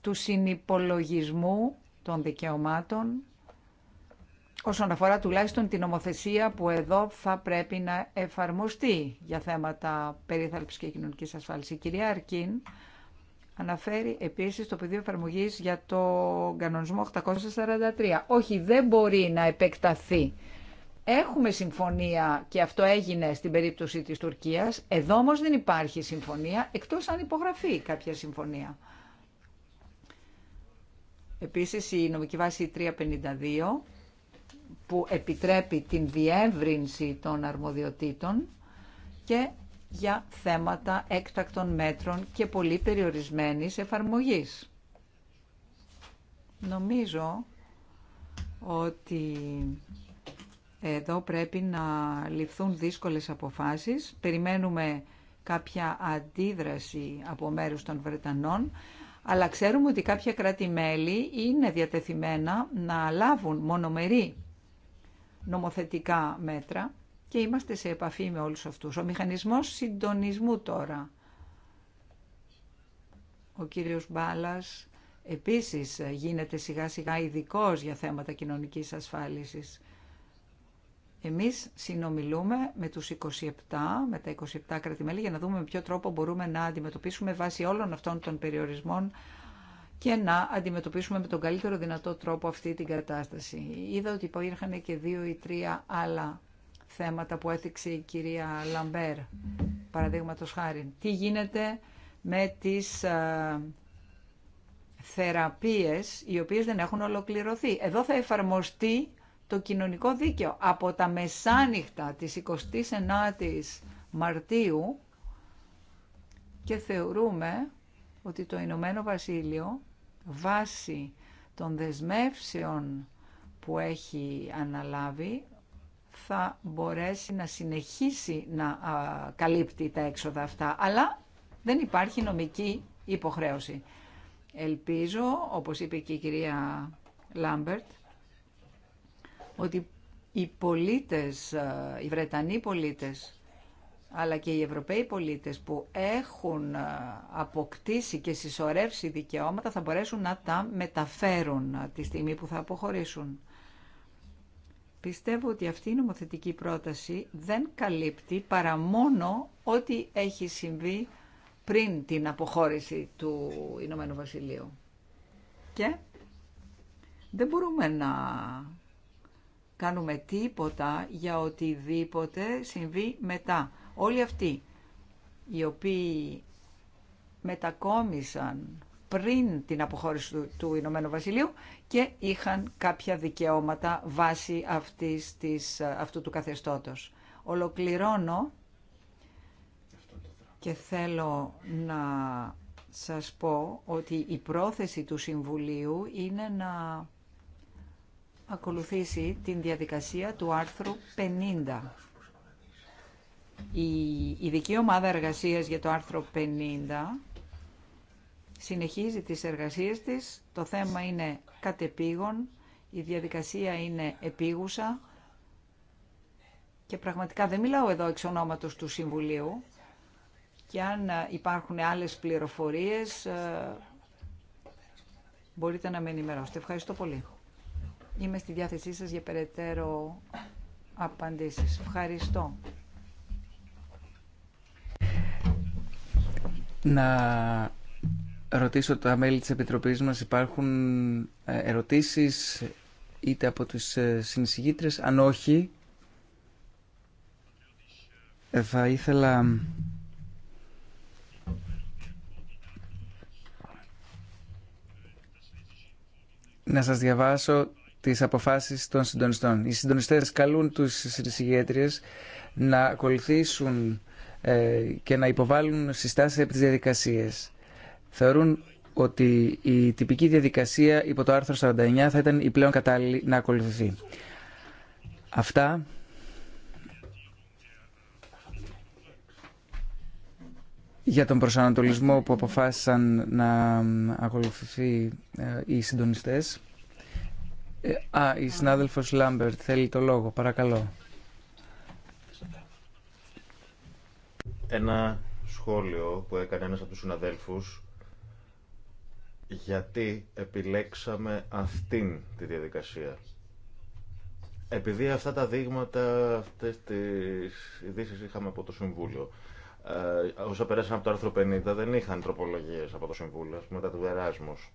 του συνυπολογισμού των δικαιωμάτων όσον αφορά τουλάχιστον την νομοθεσία που εδώ θα πρέπει να εφαρμοστεί για θέματα περίθαλψης και κοινωνικής ασφάλισης. Η κυρία Αρκίν αναφέρει επίσης το πεδίο εφαρμογή για το κανονισμό 843. Όχι, δεν μπορεί να επεκταθεί. Έχουμε συμφωνία και αυτό έγινε στην περίπτωση της Τουρκίας. Εδώ όμως δεν υπάρχει συμφωνία, εκτός αν υπογραφεί κάποια συμφωνία. Επίσης η νομική βάση 352 που επιτρέπει την διεύρυνση των αρμοδιοτήτων και για θέματα έκτακτων μέτρων και πολύ περιορισμένης εφαρμογής. Νομίζω ότι εδώ πρέπει να ληφθούν δύσκολες αποφάσεις. Περιμένουμε κάποια αντίδραση από μέρους των Βρετανών αλλά ξέρουμε ότι κάποια κράτη-μέλη είναι διατεθειμένα να λάβουν μονομερή νομοθετικά μέτρα και είμαστε σε επαφή με όλους αυτούς. Ο μηχανισμός συντονισμού τώρα. Ο κύριος Μπάλας επίσης γίνεται σιγά σιγά ειδικό για θέματα κοινωνικής ασφάλισης. Εμείς συνομιλούμε με τους 27, με τα 27 κρατημέλη για να δούμε με ποιο τρόπο μπορούμε να αντιμετωπίσουμε βάσει όλων αυτών των περιορισμών και να αντιμετωπίσουμε με τον καλύτερο δυνατό τρόπο αυτή την κατάσταση. Είδα ότι υπήρχαν και δύο ή τρία άλλα θέματα που έθιξε η κυρία Λαμπέρ, παραδείγματο χάρη. Τι γίνεται με τις ε, θεραπείες οι οποίες δεν έχουν ολοκληρωθεί. Εδώ θα εφαρμοστεί το κοινωνικό δίκαιο. Από τα μεσάνυχτα της 29ης Μαρτίου και θεωρούμε ότι το Ηνωμένο Βασίλειο βάσει των δεσμεύσεων που έχει αναλάβει θα μπορέσει να συνεχίσει να καλύπτει τα έξοδα αυτά, αλλά δεν υπάρχει νομική υποχρέωση. Ελπίζω, όπως είπε και η κυρία Λάμπερτ, ότι οι πολίτες, ε, οι Βρετανοί πολίτες αλλά και οι Ευρωπαίοι πολίτες που έχουν ε, αποκτήσει και συσσωρεύσει δικαιώματα θα μπορέσουν να τα μεταφέρουν ε, τη στιγμή που θα αποχωρήσουν. Πιστεύω ότι αυτή η νομοθετική πρόταση δεν καλύπτει παρά μόνο ό,τι έχει συμβεί πριν την αποχώρηση του Ηνωμένου Βασιλείου. Και δεν μπορούμε να κάνουμε τίποτα για οτιδήποτε συμβεί μετά. Όλοι αυτοί οι οποίοι μετακόμισαν πριν την αποχώρηση του, του Ηνωμένου Βασιλείου και είχαν κάποια δικαιώματα βάσει αυτής της, αυτού του καθεστώτος. Ολοκληρώνω και θέλω να σας πω ότι η πρόθεση του Συμβουλίου είναι να ακολουθήσει την διαδικασία του άρθρου 50. Η ειδική ομάδα εργασίας για το άρθρο 50 συνεχίζει τις εργασίες της. Το θέμα είναι κατεπήγον, η διαδικασία είναι επίγουσα και πραγματικά δεν μιλάω εδώ εξ ονόματος του Συμβουλίου και αν ε, υπάρχουν άλλες πληροφορίες ε, μπορείτε να με ενημερώσετε. Ευχαριστώ πολύ. Είμαι στη διάθεσή σας για περαιτέρω απαντήσεις. Ευχαριστώ. Να ρωτήσω τα μέλη της Επιτροπής μας. Υπάρχουν ε, ερωτήσεις είτε από τους ε, συνεισηγήτρες. Αν όχι, ε, θα ήθελα... Να σας διαβάσω τις αποφάσεις των συντονιστών. Οι συντονιστές καλούν τους συγγέτριες να ακολουθήσουν ε, και να υποβάλουν συστάσεις από τις διαδικασίες. Θεωρούν ότι η τυπική διαδικασία υπό το άρθρο 49 θα ήταν η πλέον κατάλληλη να ακολουθηθεί. Αυτά. Για τον προσανατολισμό που αποφάσισαν να ακολουθηθεί ε, οι συντονιστές. Ε, α, η συνάδελφος Λάμπερτ θέλει το λόγο, παρακαλώ. Ένα σχόλιο που έκανε ένας από τους συναδέλφους γιατί επιλέξαμε αυτήν τη διαδικασία. Επειδή αυτά τα δείγματα, αυτές τις ειδήσει είχαμε από το Συμβούλιο. Ε, όσα περάσαν από το άρθρο 50 δεν είχαν τροπολογίες από το Συμβούλιο, τα του Εράσμους.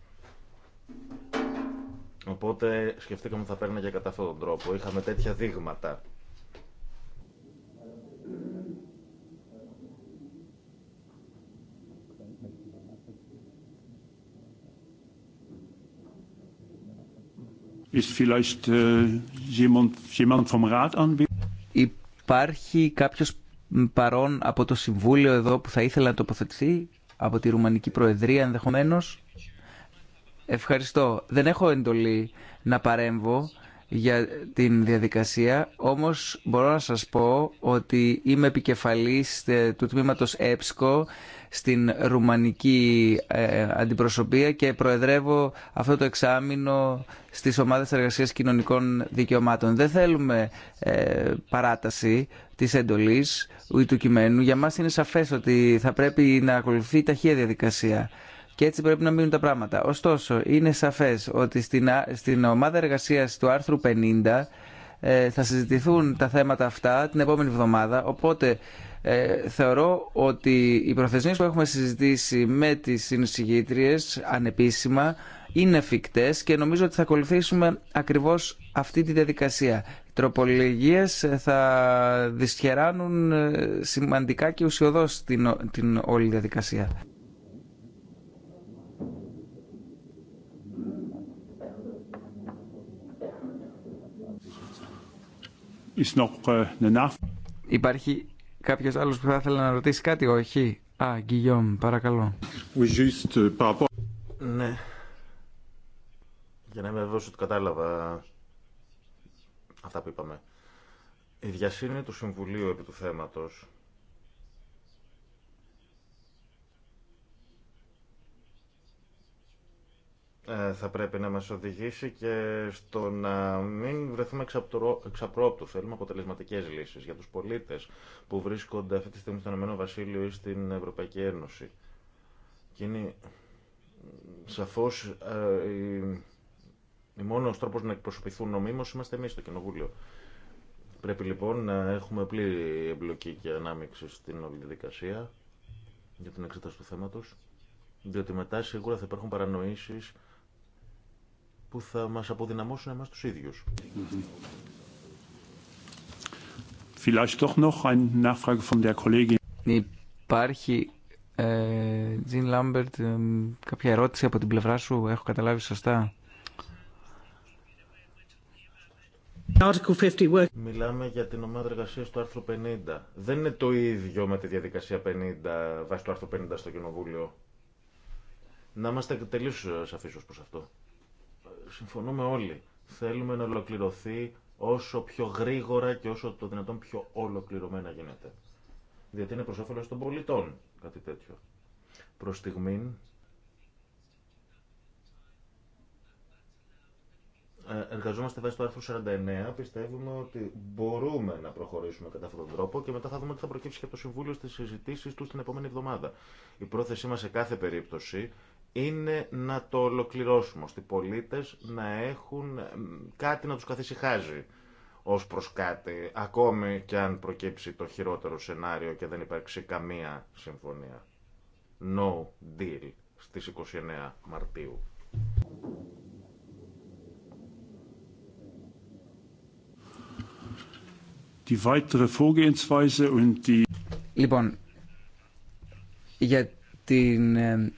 Οπότε σκεφτήκαμε ότι θα και κατά αυτόν τον τρόπο. Είχαμε τέτοια δείγματα. Äh, Υπάρχει κάποιο παρόν από το Συμβούλιο εδώ που θα ήθελα να τοποθετηθεί από τη Ρουμανική Προεδρία ενδεχομένω. Ευχαριστώ. Δεν έχω εντολή να παρέμβω για την διαδικασία, όμως μπορώ να σας πω ότι είμαι επικεφαλής ε, του τμήματος ΕΠΣΚΟ στην Ρουμανική ε, Αντιπροσωπεία και προεδρεύω αυτό το εξάμεινο στις ομάδες εργασίας κοινωνικών δικαιωμάτων. Δεν θέλουμε ε, παράταση της εντολής ή του κειμένου. Για μας είναι σαφές ότι θα πρέπει να ακολουθεί ταχεία διαδικασία. Και έτσι πρέπει να μείνουν τα πράγματα. Ωστόσο, είναι σαφές ότι στην, στην ομάδα εργασίας του άρθρου 50 ε, θα συζητηθούν τα θέματα αυτά την επόμενη εβδομάδα, οπότε ε, θεωρώ ότι οι προθεσμίες που έχουμε συζητήσει με τις συνεισηγήτριες ανεπίσημα είναι φυκτές και νομίζω ότι θα ακολουθήσουμε ακριβώς αυτή τη διαδικασία. Οι τροπολογίες ε, θα δυσχεράνουν σημαντικά και ουσιοδός την, την όλη διαδικασία. Äh, Υπάρχει κάποιος άλλος που θα ήθελε να ρωτήσει κάτι, όχι. Α, Γκυγιόμ, παρακαλώ. Euh, ναι. Για να είμαι βέβαιος ότι κατάλαβα αυτά που είπαμε. Η διασύνη του Συμβουλίου επί του θέματος Ε, θα πρέπει να μας οδηγήσει και στο να μην βρεθούμε εξαπρόπτους. Θέλουμε αποτελεσματικές λύσεις για τους πολίτες που βρίσκονται αυτή τη στιγμή στον Ηνωμένο Βασίλειο ή στην Ευρωπαϊκή Ένωση. Και είναι σαφώς ε, η, η μόνος τρόπος να εκπροσωπηθούν νομίμως είμαστε εμείς στο Κοινοβούλιο. Πρέπει λοιπόν να έχουμε πλήρη εμπλοκή και ανάμειξη στην όλη διαδικασία για την εξέταση του θέματος, διότι μετά σίγουρα θα υπάρχουν παρανοήσεις που θα μας αποδυναμώσουν εμάς τους ίδιους. Υπάρχει, Τζιν ε, Λάμπερτ, κάποια ερώτηση από την πλευρά σου, έχω καταλάβει σωστά. Μιλάμε για την ομάδα εργασία του άρθρου 50. Δεν είναι το ίδιο με τη διαδικασία 50 βάσει του άρθρου 50 στο Κοινοβούλιο. Να είμαστε τελείω ε, σαφεί ω προ αυτό συμφωνούμε όλοι. Θέλουμε να ολοκληρωθεί όσο πιο γρήγορα και όσο το δυνατόν πιο ολοκληρωμένα γίνεται. Διότι είναι προς όφελος των πολιτών κάτι τέτοιο. Προς στιγμήν ε, εργαζόμαστε βάσει του 49. Πιστεύουμε ότι μπορούμε να προχωρήσουμε κατά αυτόν τον τρόπο και μετά θα δούμε τι θα προκύψει και από το Συμβούλιο στι συζητήσει του την επόμενη εβδομάδα. Η πρόθεσή μα σε κάθε περίπτωση είναι να το ολοκληρώσουμε ώστε οι πολίτες να έχουν κάτι να τους καθησυχάζει ως προς κάτι, ακόμη και αν προκύψει το χειρότερο σενάριο και δεν υπάρξει καμία συμφωνία. No deal στις 29 Μαρτίου. Λοιπόν, για την ε,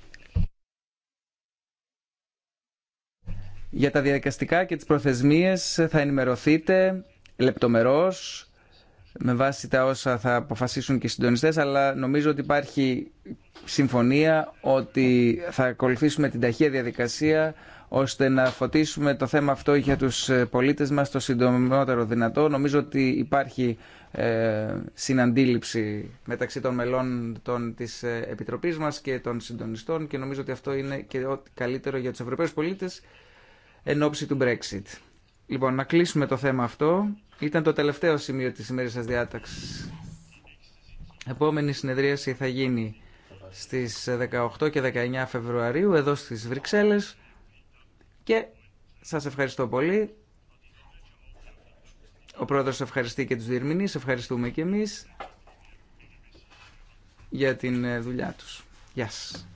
Για τα διαδικαστικά και τις προθεσμίες θα ενημερωθείτε λεπτομερώς με βάση τα όσα θα αποφασίσουν και οι συντονιστές, αλλά νομίζω ότι υπάρχει συμφωνία ότι θα ακολουθήσουμε την ταχεία διαδικασία ώστε να φωτίσουμε το θέμα αυτό για τους πολίτες μας το συντομότερο δυνατό. Νομίζω ότι υπάρχει ε, συναντήληψη μεταξύ των μελών των, της ε, Επιτροπής μας και των συντονιστών και νομίζω ότι αυτό είναι και ό,τι καλύτερο για τους Ευρωπαίους πολίτες εν ώψη του Brexit. Λοιπόν, να κλείσουμε το θέμα αυτό. Ήταν το τελευταίο σημείο της ημέρης σας διάταξης. Επόμενη συνεδρίαση θα γίνει στις 18 και 19 Φεβρουαρίου εδώ στις Βρυξέλλες και σας ευχαριστώ πολύ. Ο πρόεδρος ευχαριστεί και τους διερμηνείς, ευχαριστούμε και εμείς για την δουλειά τους. Γεια σας.